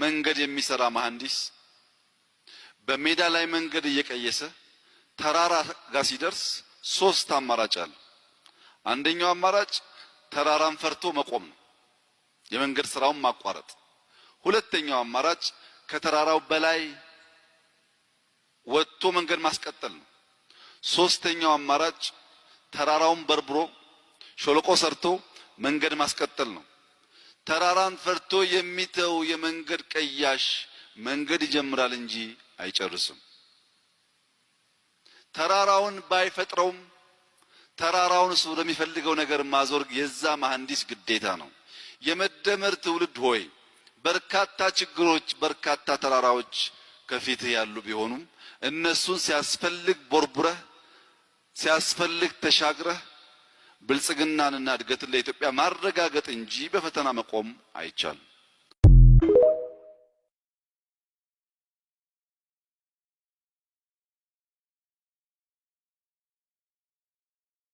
መንገድ የሚሰራ መሐንዲስ በሜዳ ላይ መንገድ እየቀየሰ ተራራ ጋር ሲደርስ ሶስት አማራጭ አለ። አንደኛው አማራጭ ተራራን ፈርቶ መቆም ነው፣ የመንገድ ስራውን ማቋረጥ። ሁለተኛው አማራጭ ከተራራው በላይ ወጥቶ መንገድ ማስቀጠል ነው። ሶስተኛው አማራጭ ተራራውን በርብሮ ሾለቆ ሰርቶ መንገድ ማስቀጠል ነው። ተራራን ፈርቶ የሚተው የመንገድ ቀያሽ መንገድ ይጀምራል እንጂ አይጨርስም። ተራራውን ባይፈጥረውም ተራራውን እሱ ወደሚፈልገው ነገር ማዞር የዛ መሐንዲስ ግዴታ ነው። የመደመር ትውልድ ሆይ በርካታ ችግሮች፣ በርካታ ተራራዎች ከፊትህ ያሉ ቢሆኑም እነሱን ሲያስፈልግ ቦርቡረህ ሲያስፈልግ ተሻግረህ ብልጽግናንና እድገትን ለኢትዮጵያ ማረጋገጥ እንጂ በፈተና መቆም አይቻልም።